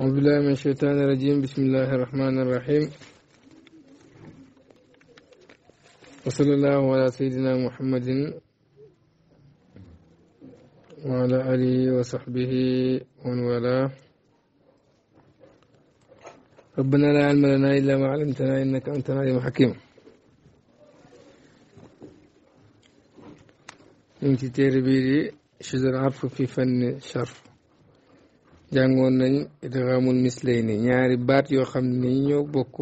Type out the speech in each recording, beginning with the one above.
أعوذ بالله من الشيطان الرجيم بسم الله الرحمن الرحيم وصلى الله على سيدنا محمد وعلى آله وصحبه ومن والاه ربنا لا علم لنا إلا ما علمتنا إنك أنت العليم الحكيم انت تيري بيدي شذر عرف في فن الشرف jàngoon nañ idgaamul mislay ni ñaari baat yoo xam ne ñoo bokk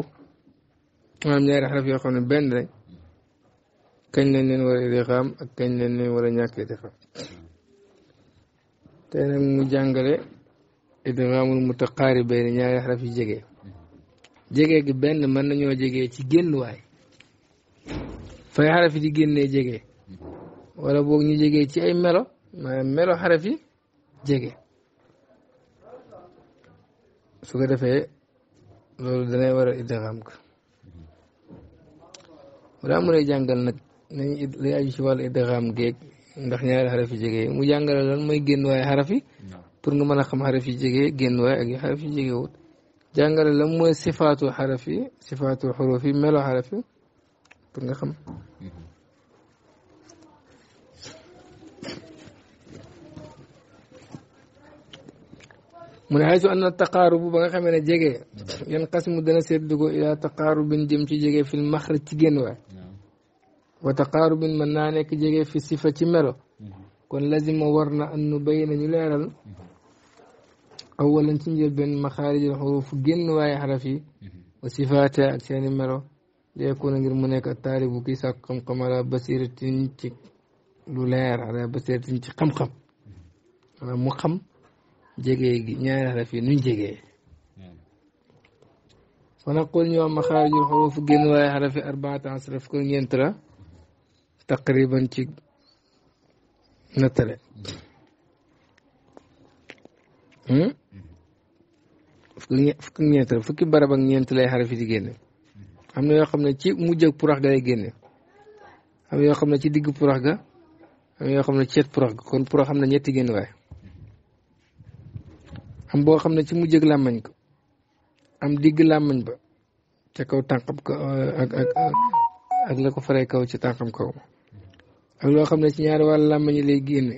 ñaari xaraf yoo xam ne benn rek kañ lañ leen war a idgaam ak kañ lañ leen war a ñàkk idgaam tey nag mu jàngale idgaamul mutaqaaribayni ñaari xaraf yu jege jege gi benn mën nañoo jege ci génn waay fay xaraf yi di génnee jege wala boog ñu jege ci ay melo maanaam melo xaraf yi jege su ko defee loolu danay war a idgaam ko balaa mën a jàngal nag nañu lay aju ci wàllu idgaam géeg ndax ñaari xaraf jege mu jàngal lan mooy génn waaye xaraf yi pour nga mën a xam xaraf yi jege génn waaye ak yu xaraf yi jege wut jàngale lan mooy sifaatu xaraf sifaatu xuruf melo xaraf yi nga xam mhm. من حيث أن التقارب بغا خمينا جيجي ينقسم دنا سيدوكو إلى تقارب جيم جيجي في المخرج تيجنوا وتقارب من نانيك جيجي في صفة مرو كون لازم ورنا أن نبين نلالل أولا تنجل بين مخارج الحروف جنوا يحرفي وصفاتها أكسين مرو ليكون غير منك التالب كيسا قم قم على بصير تنجل لولير على بصير تنجل قم قم مقم jege gi ñaari xaraf yi nuñ jegee hmm. fa naqul ñu am maxaarijul xuruuf génn waaye xaraf yi arbaata asraf ko ñeent la taqriban ci nattale hmm. hmm? fukki ñeent la fukki barab ak ñeent lay xaraf yi di génne am na yoo xam ne ci mujj ak purax ga lay génne am yoo xam ne ci digg purax ga am yoo xam ne ci cet purax ga kon purax xam ne ñetti génn waaye am boo xam ne ci mujjëg làmmañ ko am digg làmmañ ba ca kaw tànqam ko euh, ak la ko faree kaw ci tànqam kaw ak loo xam ne ci ñaari wàll làmmañ lay génne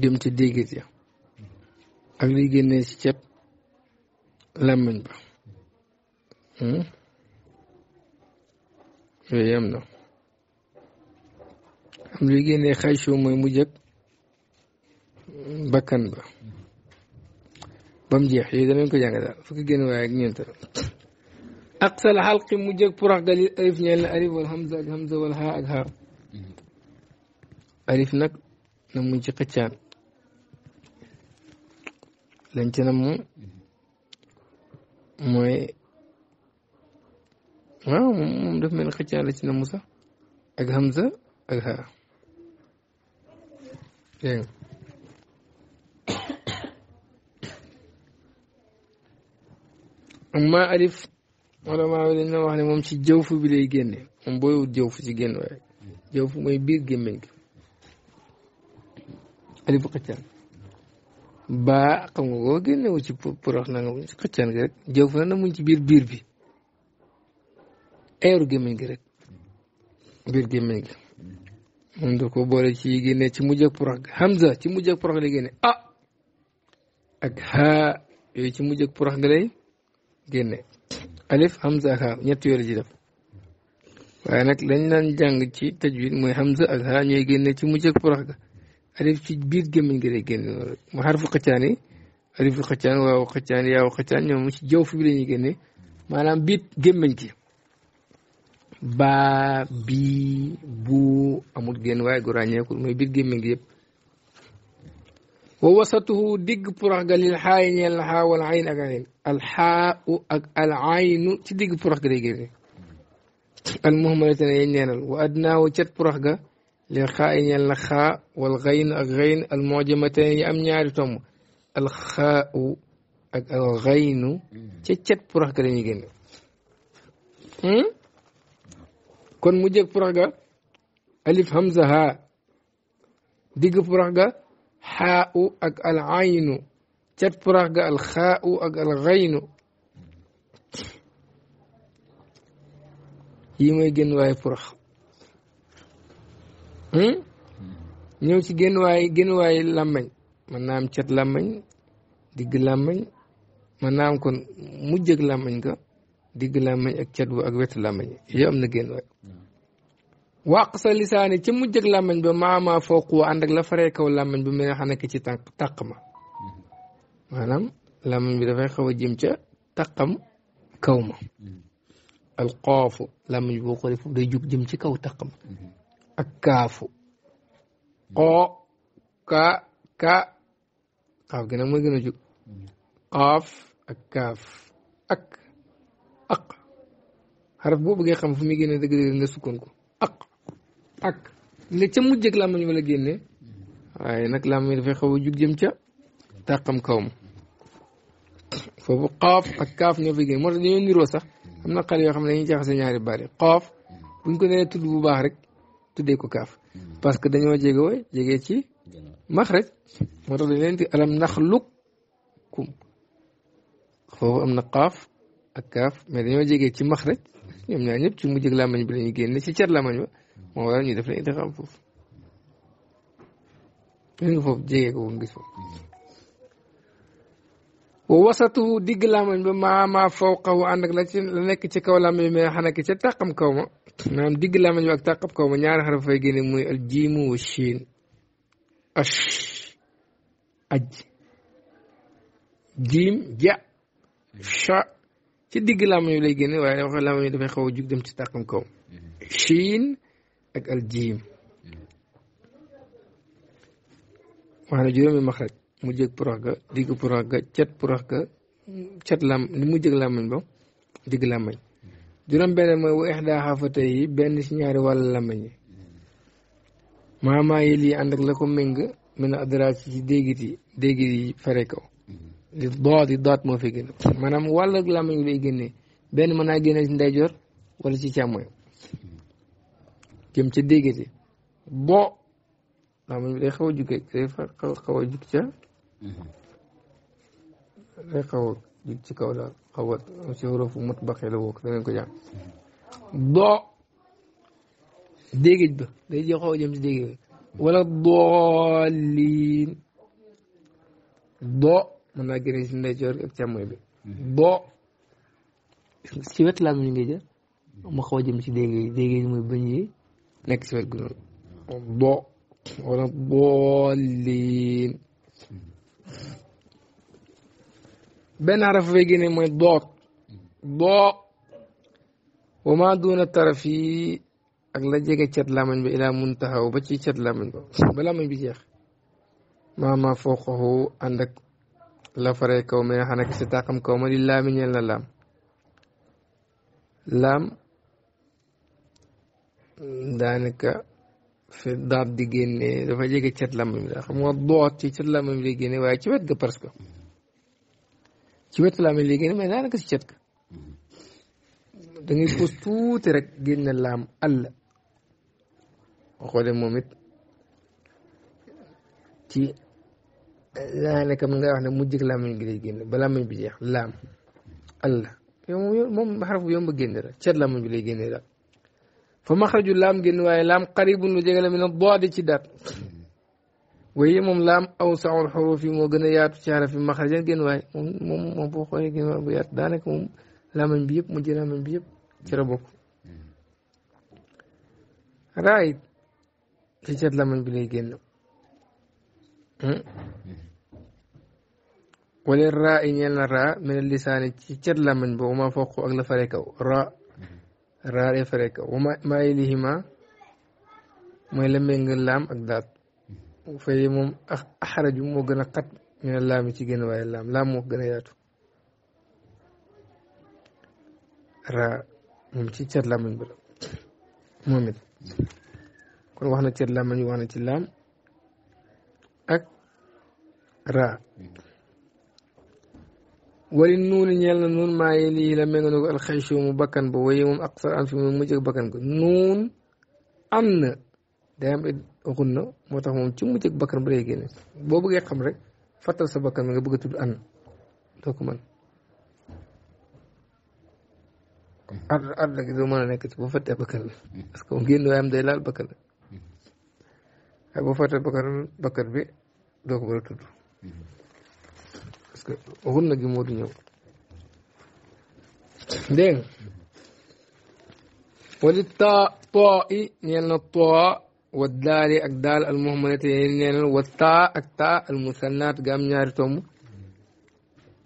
jëm ci déggit ya ak liy génnee ci cet làmmañ ba hmm? yooyu am na am luy génnee xay show mooy mujjëg bakkan ba ba mu jeex yooyu danañ ko jàng daal fukki génn waaye ak ñeent aqsal xalqi mu jëg purax gali alif ñeel na alif wal hamza ak haa ak haa mm-hmm. alif nag na mu ci xëccaan lañ ca na mu mm-hmm. mooy waaw moom daf ci na mu sax hamza ak haa amma alif wala maa ngi leen wax ne moom ci jëwfu bi lay génne moom booy wut jëwfu ci génn waaye jëwfu mooy biir gémmeñ gi alif xëccaan baa xam nga koo génne wu ci porox na nga ci xëccaan gi rek jëwfu na na muñ ci biir biir bi eeru gémmeñ gi rek biir gémmeñ gi moom da ko boole ci génne ci mujj ak porox gi hamza ci mujj ak porox lay génne ah ak haa yooyu ci mujj ak porox gi lay génne alif hamza ak ñett yooyu la ci def waaye nag lañ daan jàng ci tajwid mooy hamza ak ha ñooy génne ci mujj ak porax ga alif ci biir gémmiñ gi lay génne loolu mu xarfu xëccaan yi alifu xëccaan waaw xëccaan yaaw xëccaan ñoom ci jaww fi bi la ñuy génne maanaam biit gémmiñ gi baa bii bu amul génn waaye gu ràññeekul mooy biir gémmiñ gi ووسطه ديغ فرغ للحاين الحاء والعين اغاين الحاء اك العين تي ديغ فرغ دي غير المهم لتن ينال وادناه تشت فرغ للخاين الخاء والغين اغين المعجمتين ام نيار الخاء الغين تشت فرغ دي غين هم كون مو ديغ الف همزه ها ديغ فرغ xaa u ak al aynu cat purax ga al xaa u ak al xaynu yi mooy génn waaye purax hmm? ñëw ci génn waaye génn waaye làmmañ mën naa am cat làmmañ digg làmmañ mën naa am kon mujj ak ga digg làmmañ ak cat bu ak wetu làmmañ yooyu na génn wàq sa lisaani ca mujj ak làmmañ ba maamaa fooq wa ànd la faree kaw làmmañ ba mi nga xam ne ci tànk tàq ma maanaam làmmañ bi dafay xaw a jëm ca taqam kaw ma alqoofu làmmañ bi boo xoolee foofu day jug jëm ci kaw taq ak kaafu qoo kaa kaa xaaf gi nag mooy gën a jug qaaf ak kaaf ak ak xaraf boo bëggee xam fu muy gën a dëgg-dëgg ko ak la ca mujjëg làmmañ wala génne waaye nag làmmañ dafay xaw a jug jëm ca tàqam kawam foofu xoof ak kaaf ñoo fay génn moo tax dañoo niroo sax am na yoo xam ne dañuy jaxase ñaari baat yi xoof buñ ko bu baax tuddee ko kaaf parce que dañoo jege wooy ci max rek moo tax dañ luk kum am na xaaf ak kaaf mais dañoo jege ci max rek ñoom ñaar ñëpp ci mujjëg làmmañ bi la ñuy génne ci cat làmmañ ba moo waral ñu def la idgaam foofu li nga foofu jege ko moom gis foofu wasatu digg lamañ ba maa maa fawqahu ànd la ci la nekk ci kaw làmmañ bi mais xanaa ki ca tàqam kaw ma maanaam digg làmmañ bi ak tàqam kaw ma ñaari xaraf muy al jiimu wa shiin aj jiim ja sha ci digg làmmañ bi lay génne waaye dama xam làmmañ bi dafay xaw a jug dem ci tàqam kaw ak aljiim maanaam juróomi maxraj mu jëg porox ga digg porox ga cet porox ga cet lam li mu jëg làmmañ ba digg làmmañ juróom benn mooy wa ixdaa xaafata yi benn si ñaari wàll làmmañ yi maamaa lii ànd ak la ko méng min adra ci ci déggit yi déggit fare kaw li doot yi doot moo fi génn maanaam wàll làmmañ bi lay génnee benn mën naa génne si ndeyjoor wala ci càmmoñ jëm ca déggati boo daa bi day xaw a jukkee day xaw ca day xaw a jukk ci kaw daal xaw a si worofu mot baqee la wook danañ ko jàng doo déggit ba day jëm xaw a jëm dégg wala dooliin doo mën naa si ak càmmoñ bi wet laa ñu ngi jël mu xaw a jëm ci dégg yi dégg yi muy nekk si wet gu noonu bo wala booliin benn araf fay génne mooy boot boo wa maa duuna taraf ak la jege cat lamañ ba ilaa muntahaw ba ci cat lamañ ba ba lamañ bi jeex maama fooqahu ànd ak la faree kaw me xanaa ki si tàqam kaw ma di daanaka fi daab di génne dafa jege cat làmmiñ la xam nga doot ci cat làmmiñ lay génne waaye ci wet ga parce que ci wet làmmiñ lay génne mais daanaka si cat ga rek génne laam àll xoolee ci daanaka mu ngay wax ne mu ak làmmiñ gi lay génne ba làmmiñ bi jeex laam àll yow moom moom xaraf bu yomb a génne la cat làmmiñ bi lay génne fa maxraju laam génn waaye laam qaribun lu jege la min ad-daad ci daat waaye moom laam awsa'ul xuruuf yi moo gën a waaye moom moom moom boo xoolee waaye bu yaatu daanaka moom laamañ bi yëpp mu jël laamañ bi yëpp ci la bokk raayit ci cat laamañ bi lay génn wala raa yi ñeel na raa mel lisaani ci cat laamañ boobu maa fokk ak la fare kaw raa raar e fere ka wa maa ilihima mooy laam ak daat fay moom axaraju moo gën a xat ñu ne laam yi ci génn waaye laam laam moo gën a yaatu raa moom ci cat làmmañ bi la moom it kon wax na cat làmmañ wax na ci laam ak raa wali nuuni ñeel na nuun maa yi lii la mel na ko mu bakkan ba waaye moom aqsar an fi mu mujj bakkan ko nuun am na day am it xun na moo tax moom ci mu ak bakkan ba lay génne boo bëggee xam rek fàttal sa bakkan bi nga bëgg a tudd an doo ko mën ar ar rek doo mën a nekk ci boo fàttee bakkan bi parce que génn waaye am day laal bakkan mm-hmm. waaye boo fàttee bakkan bakkan bi doo ko mën a tudd mm-hmm. parce que waxul na gi moo du ñëw dégg nga taa too i ñeel na daali ak daal al muhammadati neenal taa ak taa al musannaat ga ñaari tomb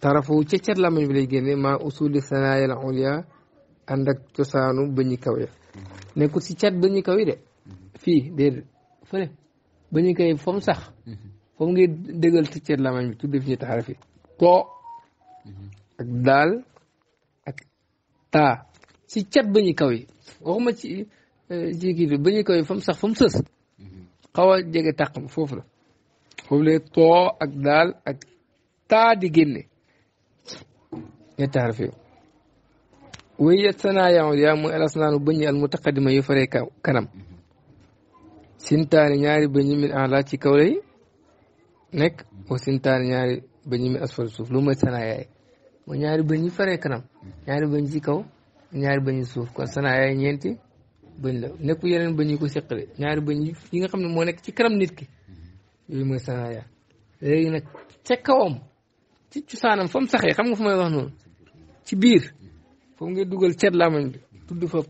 tarafu ca cat lamañ bi lay génne maa usuli sanaayal ulia ànd ak cosaanu bañu kaw ya nekkul si cat bañu kaw de fii déedéet fële bañu kaw yi sax fa mu ngi dëggal si bi tudde fi ñu koo mm-hmm. ak daal ak taa ci cat ba kaw yi waxuma ci euh, ci kii bi kaw yi fa sax fa sës mm-hmm. xaw a jege tàq ma foofu la foofu la too ak daal ak taa di génne ñetti xaraf yooyu way yet sanaa yaawul yaa mooy alasnaanu bëñ yi al mutaqadima yu faree kanam mm-hmm. sintaani ñaari bëñ yi min ala ci kaw lay nekk wa sintaani ñaari bëñ mi asfal suuf lu mooy sanaayaay mooy ñaari bëñ yi faree kanam ñaari bëñ ci kaw ñaari bëñ ci suuf kon sanaayaay ñeenti bëñ la nekku yeneen bëñ yi ko seqale ñaari bëñ yi nga xam ne moo nekk ci kanam nit ki yooyu mooy sanaayaa léegi nag ca kawam ci cosaanam fa saxee xam nga fu may wax noonu ci biir foofu ngay dugal cet lamañ bi tudd fa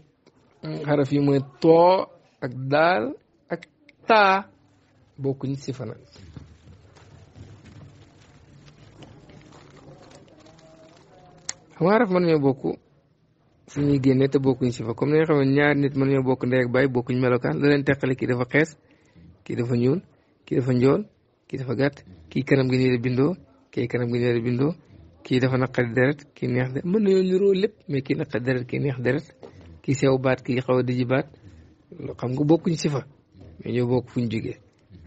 mm, xaraf yi mooy too ak daal ak taa bokkuñ si fa xam nga araf mën nañoo bokk fu ñuy génne te bokkuñ si fa comme ni nga xam nit mën nañoo bokk ndey ak baay bokkuñ melokaan la leen teqale kii dafa xees kii dafa ñuul kii dafa njool kii dafa gàtt kii kanam gi nii a bindoo kii kanam gi nii la bindoo kii dafa naqari deret ki neex deret mën nañoo niroo lépp mais kii naqari deret kii neex deret kii sew baat ki xaw a dijji baat xam nga bokkuñ sifa mais ñoo bokk fu ñu jugee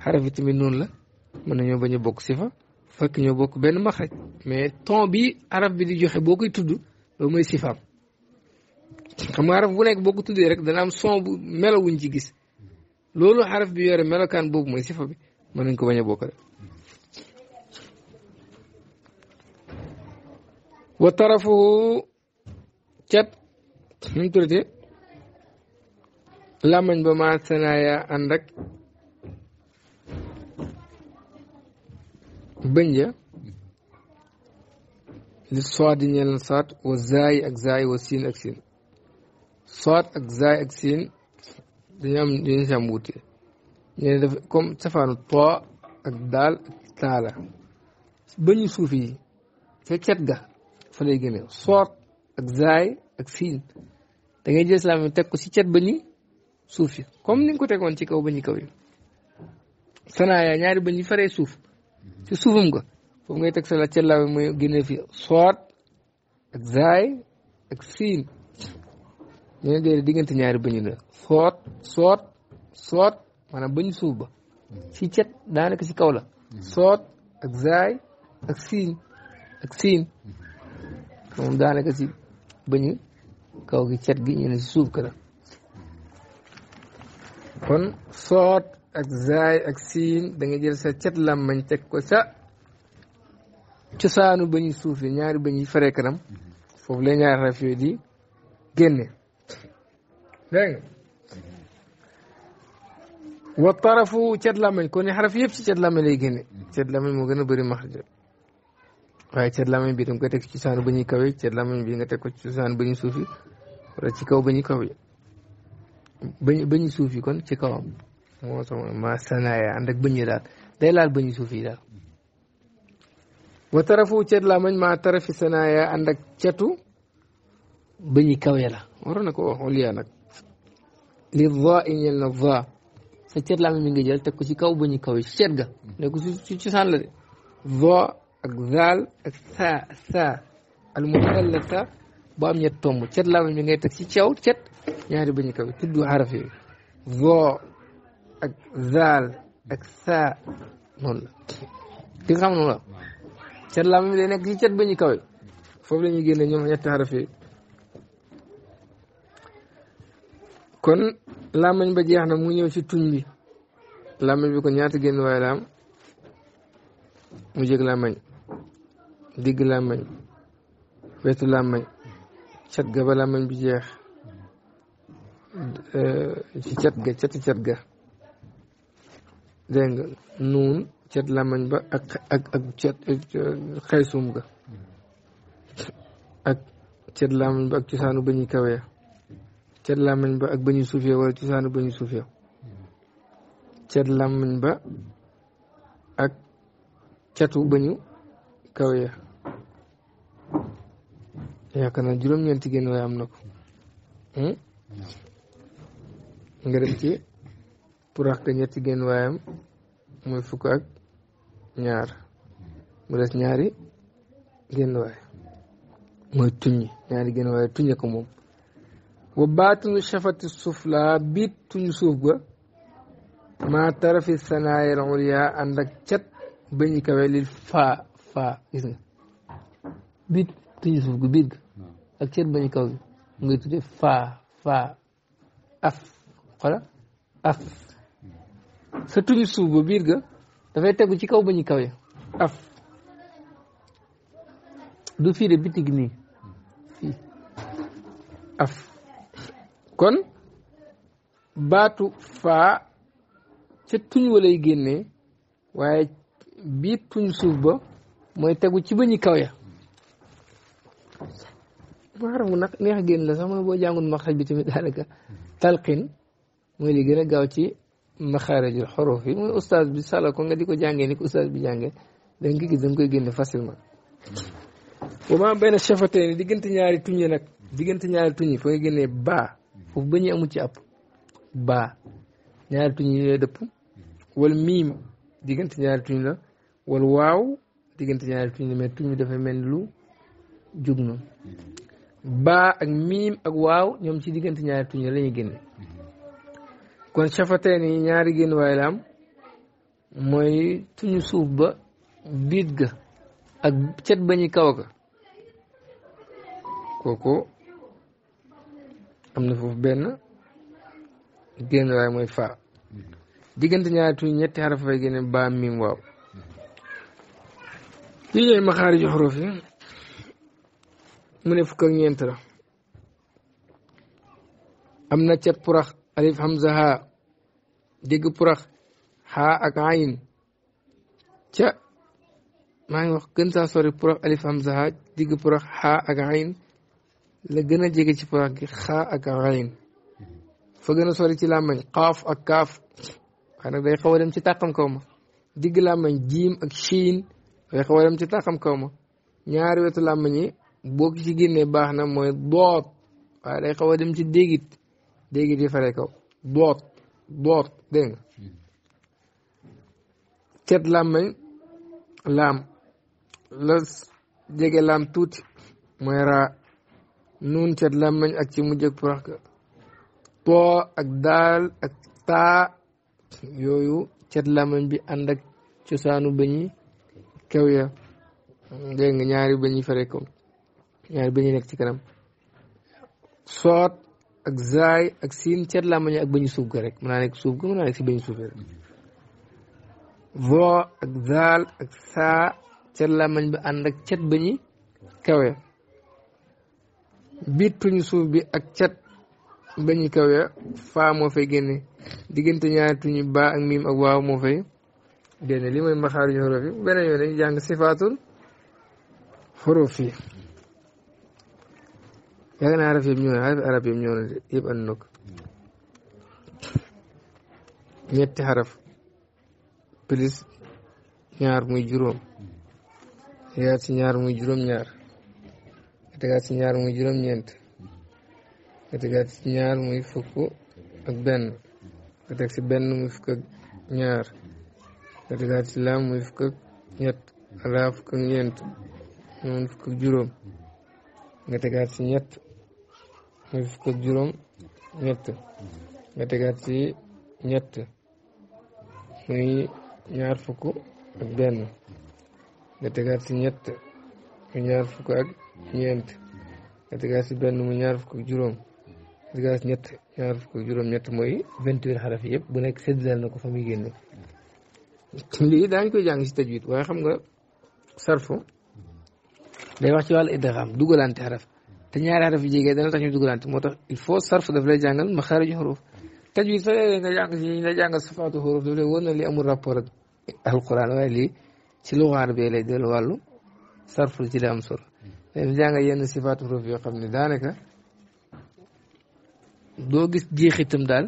xaraf yi tamit noonu la mën nañoo bañ a bokk sifa fekk ñoo bokk benn maxraj mais ton bi araf bi di joxe boo koy tudd loolu mooy sifaam xam araf bu nekk boo ko tuddee rek dana am son bu melo wuñ ci gis loolu araf bi yore melokaan boobu mooy sifa bi mën nañ ko bañ a bokkale wa tarafu cat nu mu tuddati làmmañ ba maa sanaaya ànd ak bëñ ja li soit di ñeel na wa zaay ak zaay wa siin ak siin soit ak zaay ak siin dañu am dañu si am wuute ñene ak daal ak taala bëñu ga fa lay gënee soit ak zaay ak siin da jël salaam yi teg ko si cet bëñi suuf yi comme ni nga ko tegoon ci kaw bëñi kaw yi sanaa yaa ñaari bëñ yi faree suuf ci suufam ko foofu ngay teg sa la cellaawe mooy génnee fi soot ak zaay ak siin ñu ne déedéet diggante ñaari bëñ la soot soot soot maanaam bëñ suuf ba si cet daanaka si kaw la soot ak zaay ak siin ak siin moom daanaka si bëñu kaw gi cet gi ñu ne si suuf ka la kon soot ak zaay ak siin da jël sa cet làmmañ teg ko sax cosaanu bañ yu suuf yi ñaari bañ fare kanam mm-hmm. foofu la ñaari xaraf yooyu di génne dégg nga mm-hmm. wa tarafu cet làmmañ kon ni xaraf yëpp ci cet làmmañ lay génne mm-hmm. cet làmmañ moo gën a bëri maxraj waaye cet làmmañ bi tam nga teg ci cosaanu bañ yu kaw yi cet bi nga teg ko ci cosaanu bañ yu suuf ci kaw bañ yu kaw yi suuf yi kon ci kawam moo sama ma sanaya ànd ak bëñ yi daal day laal bëñ yi daal wa tarafu cet la mañ tarafi sanaya ànd ak cetu bëñi kawe la waroon na ko wax nag li va iñel na va sa cet la mi ngi jël teg ci kaw bëñi kaw cet ga ne ko ci cosaan la de va ak zaal ak sa sa al muthallata ba am ñett tomb cet la mi ngay teg ci cew cet ñaari bëñi kaw yi tudd xaraf yi ak zaal saa noonu la ki nga xam noonu la cat laa moom day nekk ci cat ba ñu kawe foofu la ñuy génne ñoom ñetti xaraf yi kon làmmañ ba jeex na mu ñëw ci tuñ bi làmmañ bi kon ñaata génn waaye laam mu jég làmmañ digg làmmañ wetu làmmañ cat ga ba làmmañ bi jeex ci cat ga cati cat ga dégg nga nuun cet lamañ ba ak ak ak ga ak cet lamañ ba ak cosaanu ba ñuy kawee cet lamañ ba ak ba ñuy suufee wala cosaanu ba ñuy suufee cet làmbañ ba ak cetu ba ñu kawee yaakaar naa juróom-ñeenti génn waaye am na ko hmm? nga dem ci purax ka ñetti génn waayam mooy fukk ak ñaar mu des ñaari génn waay mooy tuñi ñaari génn waay tuñe ko moom wa baatinu shafati sufla biit tuñu suuf ga maa tarafi sanaayil ulya ànd ak cat bañ kawe lil faa faa biit tuñu suuf ga biit ak cat bañ kaw gi mu ngi tuddee faa faa af xola af sa tuñu suuf ba biir ga dafay tegu ci kaw ba ñu kaw af du fii bitig nii af kon baatu faa ca tuñ walay génnee waaye biir tuñ suuf ba mooy tegu ci ba ñu kaw ya maaram nag neex génn la sax mooy boo jàngun ma xaj bi tamit talqin mooy li gën a gaaw ci maxaarajul xuruf yi muy ustaas bi sala ko nga di ko jàngee ni ko ustaas bi jàngee da nga gis da koy génne facilement bu ma benn diggante ñaari tuñ yi nag diggante ñaari tuñ yi fooy génnee baa foofu ba ñu amul ci ab baa tuñ yi lay dëpp wal miim diggante ñaari tuñ la wal waaw diggante ñaari tuñ la mais tuñ dafa mel lu jug noonu baa ak miim ak waaw ñoom ci diggante ñaari tuñ lañuy la génne kon chafateen yi ñaari génn waay la am mooy tuñu suuf ba biit ga ak cet ba kaw ka kooku am na foofu benn génn waay mooy fa diggante ñaari tuñ ñetti xaraf fay génne ba miim waaw lii ñooy maxaariju xuruf yi mu ne fukk ñeent la am na cet purax alif hamza dégg purax xaa ak ayin ca maa ngi wax gën saa sori purax alif hamza digg purax xaa ak ayin la gën a jege ci purax gi xaa ak ayin fa gën a sori ci làmmañ xaaf ak kaaf waaye nag day xaw a dem ci tàqam kaw digg làmmañ jiim ak shiin day xaw a dem ci tàqam kaw ñaari wetu làmmañ yi boo ko ci baax na mooy boot waaye day xaw a dem ci dégit dégit yi fare kaw boot boor dégg nga hmm. cet laam la jege laam tuuti mooy raa nuun cet làmmañ ak ci mujjëg porax ka ak daal ak taa yooyu cet làmmañ bi ànd ak cosaanu bëñ yi kaw ya dégg ñaari bëñ fare ko ñaari bëñ nekk ci kanam soot ak zaay ak siin ceet làmmañ ak bañu suuf ga rek mën naa nekk suuf ga mën naa nekk si bañu suuf rek voo ak zaal ak saa cet làmmañ bi ànd ak cet bañu kawe biituñu suuf bi ak cet bañu kawe faa moo fay génne diggante ñaari tuñu baa ak miim ak waaw moo fay génne li mbaxaaruñu xorof yi beneen yoon dañu jàng sifaatul xorof yi yàgg naa arab yëpp ñëw na arab yëpp ñëw na de yëpp ànd na ko ñetti xaraf plus ñaar muy juróom ñaar muy juróom si ñaar muy juróom-ñeent tegaat si ñaar muy fukk ak benn nga teg si benn muy fukk ñaar nga tegaat si laam muy fukk ak ñett alaa fukk ak ñeent juróom nga tegaat si ñett mooy fukk ak juróom ñett nga tegaat ci ñett muy ñaar fukk ak benn nga tegaat ci ñett mu ñaar fukk ak ñeent nga tegaat ci benn mu ñaar fukk ak juróom nga tegaat ci ñett ñaar fukk ak juróom ñett mooy vingt-huit xaraf yëpp bu nekk séddale na ko fa muy génne lii daañ koy jàng si tajwid waaye xam nga sarfu day wax ci wàllu idgham dugalante xaraf te ñaari araf yu jege dana tax ñu dugalante moo tax il faut sarf daf lay jàngal maxaariju xuruf tajwid sax léeg-léeg nga jàng si sifaatu xuruf daf lay wóor li amul rapport ak alquran waaye lii ci lu waar bee lay dellu wàllu ci la am solo dañuy jàngal yenn sifaatu xuruf yoo xam ne daanaka doo gis jeexitam daal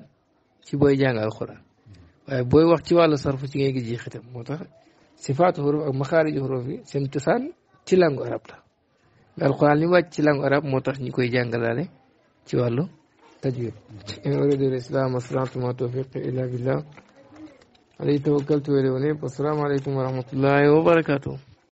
ci booy jàng alquran waaye booy wax ci wàllu sarf ci ngay gis jeexitam moo tax sifaatu xuruf ak maxaariju xuruf yi seen cosaan ci langue arab la. alquran li wàcc ci langue arab moo tax ñi koy jàngalaale ci wàllu tajwid in uridu al-islam mastata'tu ma tawfiqi illa billah alayhi tawakkaltu wa ilayhi unib assalamu alaykum wa rahmatullahi wa barakatuh